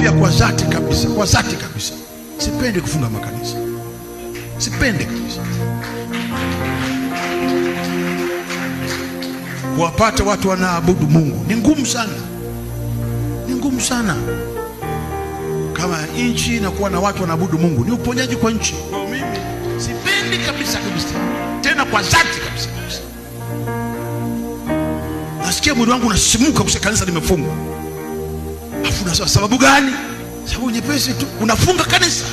pia kwa dhati kabisa, kwa dhati kabisa, sipendi kufunga makanisa, sipendi kabisa kuwapata watu wanaabudu Mungu. Ni ngumu sana, ni ngumu sana kama nchi na kuwa na watu wanaabudu Mungu ni uponyaji kwa nchi. Kwa mimi sipendi kabisa kabisa, tena kwa dhati kabisa kabisa. Nasikia mwili wangu unasimuka kusikia kanisa limefungwa. Alafu unasema sababu gani? Sababu nyepesi tu, unafunga kanisa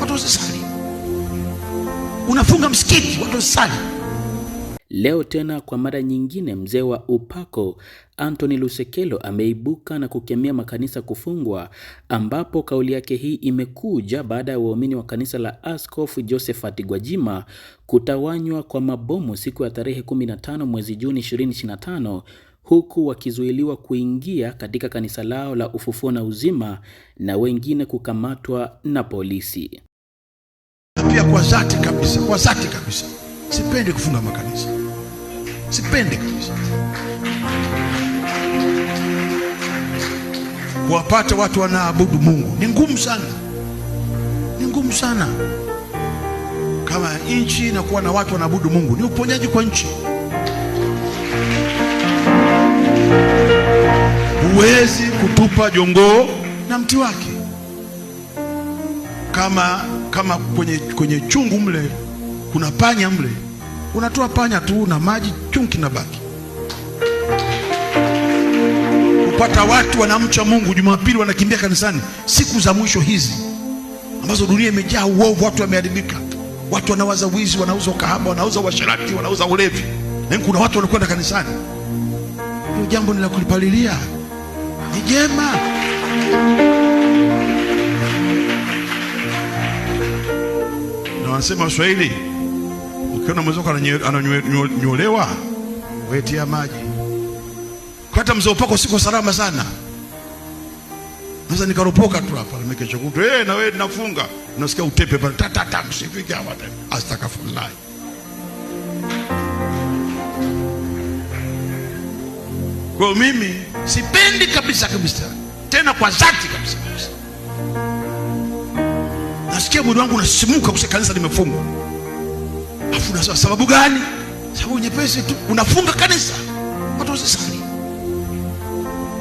watu wasisali, unafunga msikiti watu wasisali. Leo tena kwa mara nyingine mzee wa upako Anthony Lusekelo ameibuka na kukemea makanisa kufungwa, ambapo kauli yake hii imekuja baada ya waumini wa kanisa la Askofu Josephat Gwajima kutawanywa kwa mabomu siku ya tarehe 15 mwezi Juni huku wakizuiliwa kuingia katika kanisa lao la Ufufuo na Uzima na wengine kukamatwa na polisi. Pia kwa dhati kabisa, kwa dhati kabisa, sipendi kufunga makanisa, sipendi kabisa kuwapata watu wanaabudu Mungu. Ni ngumu sana, ni ngumu sana kama nchi na kuwa na watu wanaabudu Mungu ni uponyaji kwa nchi. tupa jongoo na mti wake, kama kama kwenye, kwenye chungu mle kuna panya mle, unatoa panya tu na maji, chungu baki Kupata watu wanamcha Mungu, Jumapili wanakimbia kanisani. Siku za mwisho hizi ambazo dunia imejaa uovu, watu wameharibika, watu wanawaza wizi, wanauza ukahaba, wanauza uasherati, wanauza ulevi, lakini kuna watu wanakwenda kanisani. Hiyo jambo ni la kulipalilia ni jema. Na wanasema Waswahili, ukiona mwenzako ananyolewa wetia maji, hata mzee upako siko salama sana. Sasa nikaropoka tu hapa na kesho kutwa, eh, na wewe nafunga, nasikia utepe pale tatatata, msifike hapa tena, astakafullahi Kwa mimi sipendi kabisa kabisa, tena kwa dhati kabisa kabisa. Nasikia mwili wangu unasimuka kwa kanisa limefungwa, afu nasema sababu gani? Sababu nyepesi tu, unafunga kanisa watu wasisali,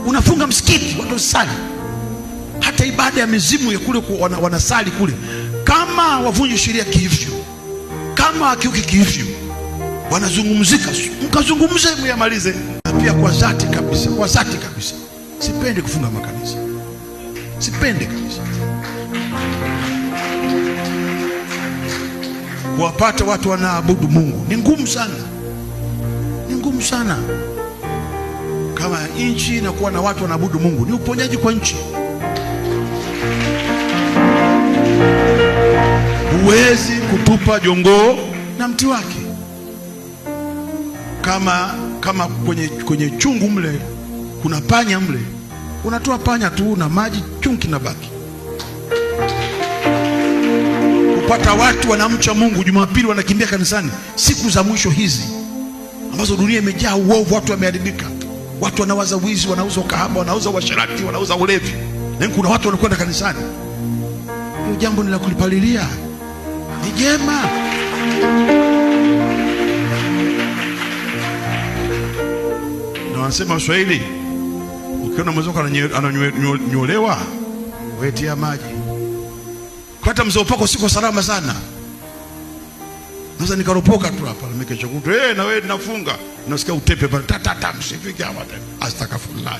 unafunga msikiti watu wasisali, hata ibada ya mizimu ya kule wana, wanasali kule, kama wavunji sheria kihivyo, kama akiuki kihivyo, wanazungumzika, mkazungumze muyamalize na pia kwa dhati kabisa, kwa dhati kabisa sipendi kufunga makanisa, sipendi kabisa kuwapata watu wanaabudu Mungu. Ni ngumu sana, ni ngumu sana kama nchi inakuwa na watu wanaabudu Mungu. Ni uponyaji kwa nchi. Huwezi kutupa jongoo na mti wake kama kama kwenye, kwenye chungu mle kuna panya mle, unatoa panya tu na maji, chungu baki Kupata watu wanamcha Mungu, Jumapili wanakimbia kanisani. Siku za mwisho hizi ambazo dunia imejaa uovu, watu wameharibika, watu wanawaza wizi, wanauza ukahaba, wanauza uasharati wanauza ulevi, lakini kuna watu wanakwenda kanisani. Hiyo jambo ni la kulipalilia, ni jema. wanasema swahili ukiona mwenzako ananyolewa wetia maji, kata mzee upako siko salama sana. Sasa nikaropoka tu hapa na kesho kutu eh, na wewe nafunga, nasikia utepe pale ta ta ta, msifike hapa tena, astaghfirullah.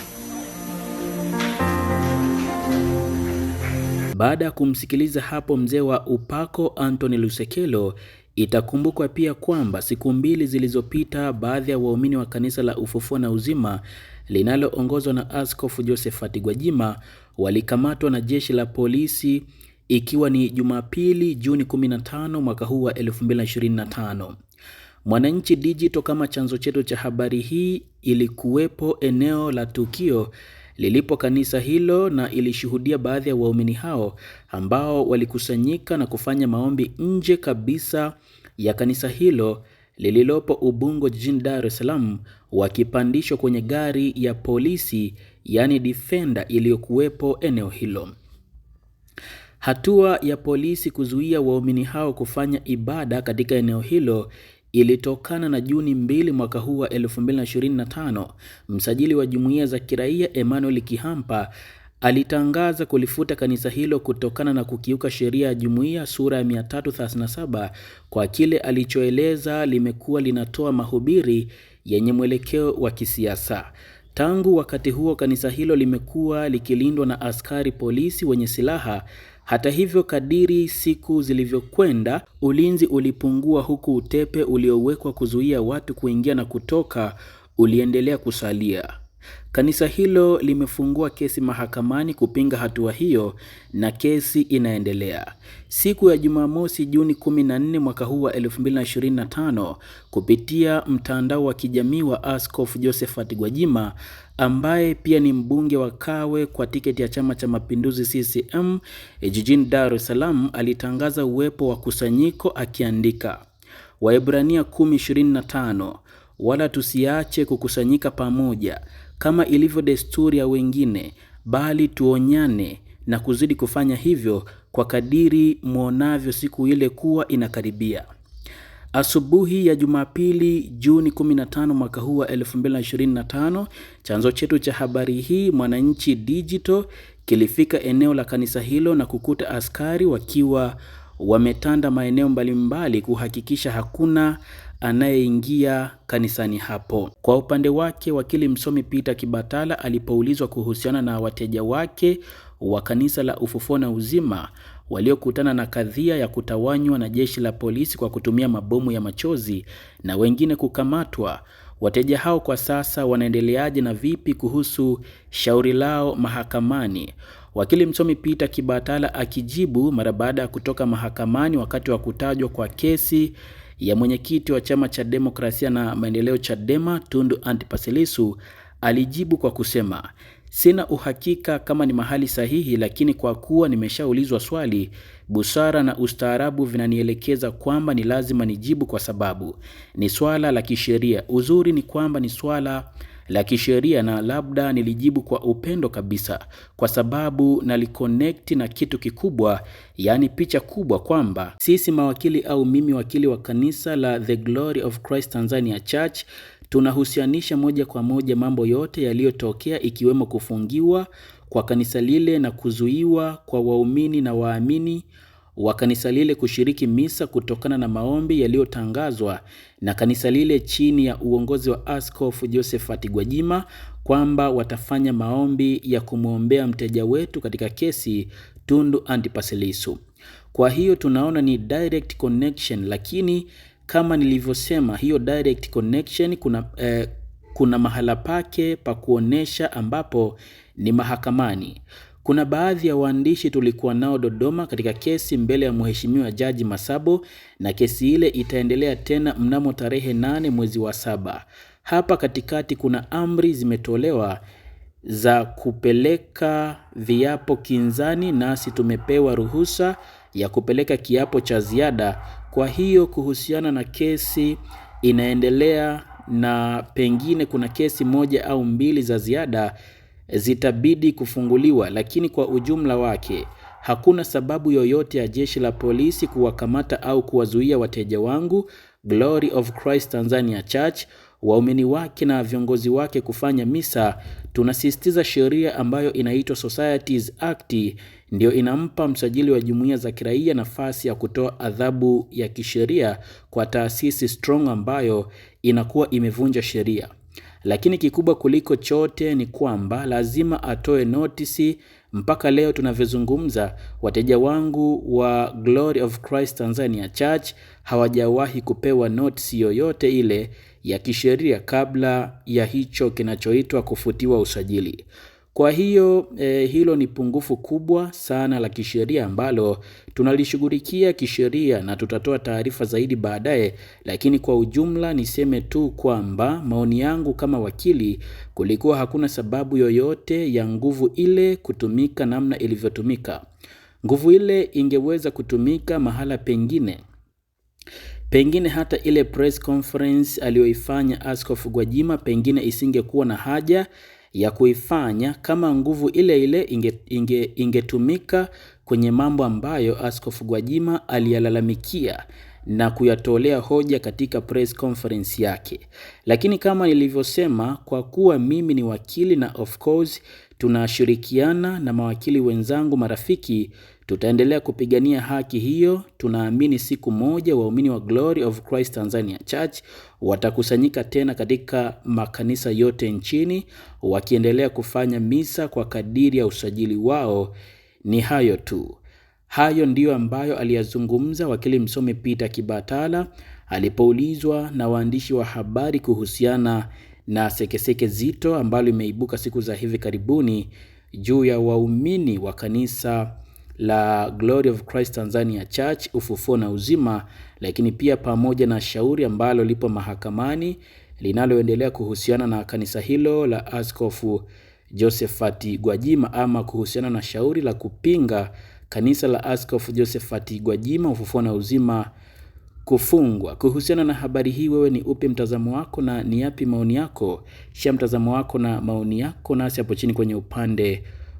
Baada ya kumsikiliza hapo mzee wa upako Anthony Lusekelo Itakumbukwa pia kwamba siku mbili zilizopita baadhi ya waumini wa kanisa la Ufufuo na Uzima linaloongozwa na Askofu Josephat Gwajima walikamatwa na jeshi la polisi ikiwa ni Jumapili Juni 15 mwaka huu wa 2025. Mwananchi Digital kama chanzo chetu cha habari hii ilikuwepo eneo la tukio lilipo kanisa hilo na ilishuhudia baadhi ya waumini hao ambao walikusanyika na kufanya maombi nje kabisa ya kanisa hilo lililopo Ubungo jijini Dar es Salaam, wakipandishwa kwenye gari ya polisi yaani Defender iliyokuwepo eneo hilo. Hatua ya polisi kuzuia waumini hao kufanya ibada katika eneo hilo ilitokana na Juni mbili mwaka huu wa 2025, msajili wa jumuiya za kiraia Emmanuel Kihampa alitangaza kulifuta kanisa hilo kutokana na kukiuka sheria ya jumuiya sura ya 337 kwa kile alichoeleza limekuwa linatoa mahubiri yenye mwelekeo wa kisiasa. Tangu wakati huo kanisa hilo limekuwa likilindwa na askari polisi wenye silaha hata hivyo, kadiri siku zilivyokwenda, ulinzi ulipungua huku utepe uliowekwa kuzuia watu kuingia na kutoka uliendelea kusalia. Kanisa hilo limefungua kesi mahakamani kupinga hatua hiyo na kesi inaendelea. Siku ya Jumamosi Juni 14 mwaka huu wa 2025, kupitia mtandao wa kijamii wa Askofu Josephat Gwajima ambaye pia ni mbunge wa Kawe kwa tiketi ya Chama cha Mapinduzi CCM eh, jijini Dar es Salaam alitangaza uwepo wa kusanyiko akiandika Waebrania 10:25 wala tusiache kukusanyika pamoja kama ilivyo desturi ya wengine, bali tuonyane na kuzidi kufanya hivyo kwa kadiri mwonavyo siku ile kuwa inakaribia. Asubuhi ya Jumapili, Juni 15 mwaka huu wa 2025, chanzo chetu cha habari hii Mwananchi Digital kilifika eneo la kanisa hilo na kukuta askari wakiwa wametanda maeneo mbalimbali kuhakikisha hakuna anayeingia kanisani hapo. Kwa upande wake, wakili msomi Peter Kibatala alipoulizwa kuhusiana na wateja wake wa Kanisa la Ufufuo na Uzima waliokutana na kadhia ya kutawanywa na jeshi la polisi kwa kutumia mabomu ya machozi na wengine kukamatwa. Wateja hao kwa sasa wanaendeleaje na vipi kuhusu shauri lao mahakamani? Wakili msomi Peter Kibatala akijibu mara baada ya kutoka mahakamani wakati wa kutajwa kwa kesi ya mwenyekiti wa chama cha demokrasia na maendeleo Chadema Tundu Antipas Lissu alijibu kwa kusema Sina uhakika kama ni mahali sahihi, lakini kwa kuwa nimeshaulizwa swali, busara na ustaarabu vinanielekeza kwamba ni lazima nijibu, kwa sababu ni swala la kisheria. Uzuri ni kwamba ni swala la kisheria, na labda nilijibu kwa upendo kabisa, kwa sababu nalikonekt na kitu kikubwa, yaani picha kubwa, kwamba sisi mawakili au mimi wakili wa kanisa la The Glory of Christ Tanzania Church tunahusianisha moja kwa moja mambo yote yaliyotokea ikiwemo kufungiwa kwa kanisa lile na kuzuiwa kwa waumini na waamini wa kanisa lile kushiriki misa kutokana na maombi yaliyotangazwa na kanisa lile chini ya uongozi wa Askofu Josephat Gwajima kwamba watafanya maombi ya kumwombea mteja wetu katika kesi Tundu Antipas Lissu. Kwa hiyo tunaona ni direct connection, lakini kama nilivyosema, hiyo direct connection kuna eh, kuna mahala pake pa kuonesha ambapo ni mahakamani. Kuna baadhi ya waandishi tulikuwa nao Dodoma katika kesi mbele ya Mheshimiwa Jaji Masabo na kesi ile itaendelea tena mnamo tarehe nane mwezi wa saba. Hapa katikati kuna amri zimetolewa za kupeleka viapo kinzani, nasi tumepewa ruhusa ya kupeleka kiapo cha ziada. Kwa hiyo kuhusiana na kesi inaendelea na pengine kuna kesi moja au mbili za ziada zitabidi kufunguliwa, lakini kwa ujumla wake hakuna sababu yoyote ya jeshi la polisi kuwakamata au kuwazuia wateja wangu Glory of Christ Tanzania Church, waumini wake na viongozi wake kufanya misa. Tunasisitiza sheria ambayo inaitwa Societies Act ndiyo inampa msajili wa jumuiya za kiraia nafasi ya kutoa adhabu ya kisheria kwa taasisi strong ambayo inakuwa imevunja sheria lakini kikubwa kuliko chote ni kwamba lazima atoe notisi. Mpaka leo tunavyozungumza, wateja wangu wa Glory of Christ Tanzania Church hawajawahi kupewa notisi yoyote ile ya kisheria kabla ya hicho kinachoitwa kufutiwa usajili. Kwa hiyo eh, hilo ni pungufu kubwa sana la kisheria ambalo tunalishughulikia kisheria na tutatoa taarifa zaidi baadaye, lakini kwa ujumla niseme tu kwamba maoni yangu kama wakili, kulikuwa hakuna sababu yoyote ya nguvu ile kutumika namna ilivyotumika. Nguvu ile ingeweza kutumika mahala pengine. Pengine hata ile press conference aliyoifanya Askofu Gwajima pengine isingekuwa na haja ya kuifanya kama nguvu ile ile inge, ingetumika inge kwenye mambo ambayo Askofu Gwajima aliyalalamikia na kuyatolea hoja katika press conference yake. Lakini kama nilivyosema, kwa kuwa mimi ni wakili na of course tunashirikiana na mawakili wenzangu marafiki Tutaendelea kupigania haki hiyo. Tunaamini siku moja waumini wa Glory of Christ Tanzania Church watakusanyika tena katika makanisa yote nchini wakiendelea kufanya misa kwa kadiri ya usajili wao. Ni hayo tu. Hayo ndiyo ambayo aliyazungumza wakili msomi Peter Kibatala alipoulizwa na waandishi wa habari kuhusiana na sekeseke zito ambalo imeibuka siku za hivi karibuni juu ya waumini wa kanisa la Glory of Christ Tanzania Church ufufuo na uzima, lakini pia pamoja na shauri ambalo lipo mahakamani linaloendelea kuhusiana na kanisa hilo la Askofu Josephat Gwajima ama kuhusiana na shauri la kupinga kanisa la Askofu Josephat Gwajima ufufuo na uzima kufungwa. Kuhusiana na habari hii, wewe ni upi mtazamo wako na ni yapi maoni yako? Shia mtazamo wako na maoni yako nasi hapo chini kwenye upande